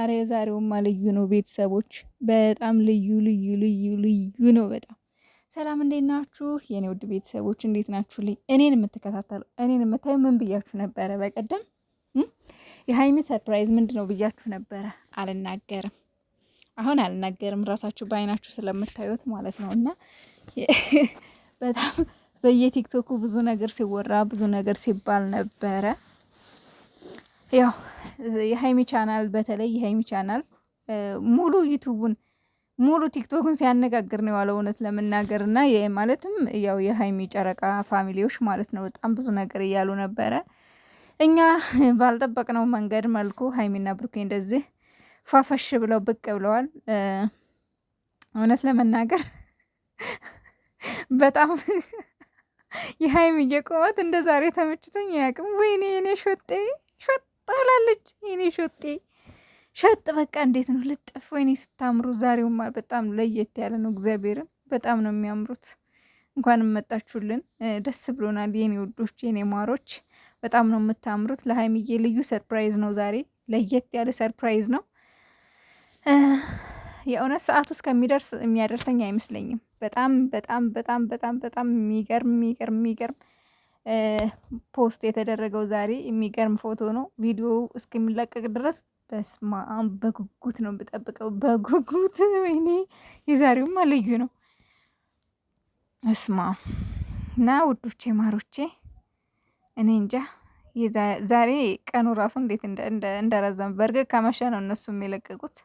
አረ የዛሬውማ ልዩ ነው። ቤተሰቦች በጣም ልዩ ልዩ ልዩ ልዩ ነው። በጣም ሰላም፣ እንዴት ናችሁ የኔ ውድ ቤተሰቦች? እንዴት ልኝ እኔን የምትከታተሉ እኔን የምታዩ ምን ብያችሁ ነበረ? በቀደም የሀይሚ ሰርፕራይዝ ምንድን ነው ብያችሁ ነበረ። አልናገርም፣ አሁን አልናገርም። ራሳችሁ በአይናችሁ ስለምታዩት ማለት ነው። እና በጣም በየቲክቶኩ ብዙ ነገር ሲወራ ብዙ ነገር ሲባል ነበረ ያው የሀይሚ ቻናል በተለይ የሀይሚ ቻናል ሙሉ ዩቱቡን ሙሉ ቲክቶክን ሲያነጋግር ነው የዋለው እውነት ለመናገር እና ማለትም ያው የሀይሚ ጨረቃ ፋሚሊዎች ማለት ነው በጣም ብዙ ነገር እያሉ ነበረ። እኛ ባልጠበቅነው መንገድ መልኩ ሀይሚና ብሩኬ እንደዚህ ፏፈሽ ብለው ብቅ ብለዋል። እውነት ለመናገር በጣም የሀይሚ የቆመት እንደ ዛሬ ተመችቶኝ አያውቅም። ወይኔ የኔ ሾጤ ሾጤ ብላለች። ይኔ ሾጤ ሸጥ በቃ እንዴት ነው ልጥፍ! ወይኔ ስታምሩ! ዛሬውማ በጣም ለየት ያለ ነው። እግዚአብሔርን በጣም ነው የሚያምሩት። እንኳን መጣችሁልን፣ ደስ ብሎናል። የኔ ውዶች፣ የኔ ማሮች፣ በጣም ነው የምታምሩት። ለሀይሚዬ ልዩ ሰርፕራይዝ ነው ዛሬ፣ ለየት ያለ ሰርፕራይዝ ነው። የእውነት ሰዓቱ እስከሚደርስ የሚያደርሰኝ አይመስለኝም። በጣም በጣም በጣም በጣም በጣም የሚገርም የሚገርም የሚገርም ፖስት የተደረገው ዛሬ የሚገርም ፎቶ ነው። ቪዲዮ እስከሚለቀቅ ድረስ በስማም በጉጉት ነው የምጠብቀው፣ በጉጉት ወይኔ። የዛሬውም ልዩ ነው። እስማ እና ውዶቼ ማሮቼ፣ እኔ እንጃ ዛሬ ቀኑ ራሱ እንዴት እንደረዘመ። በእርግጥ ካመሸ ነው እነሱ የሚለቀቁት።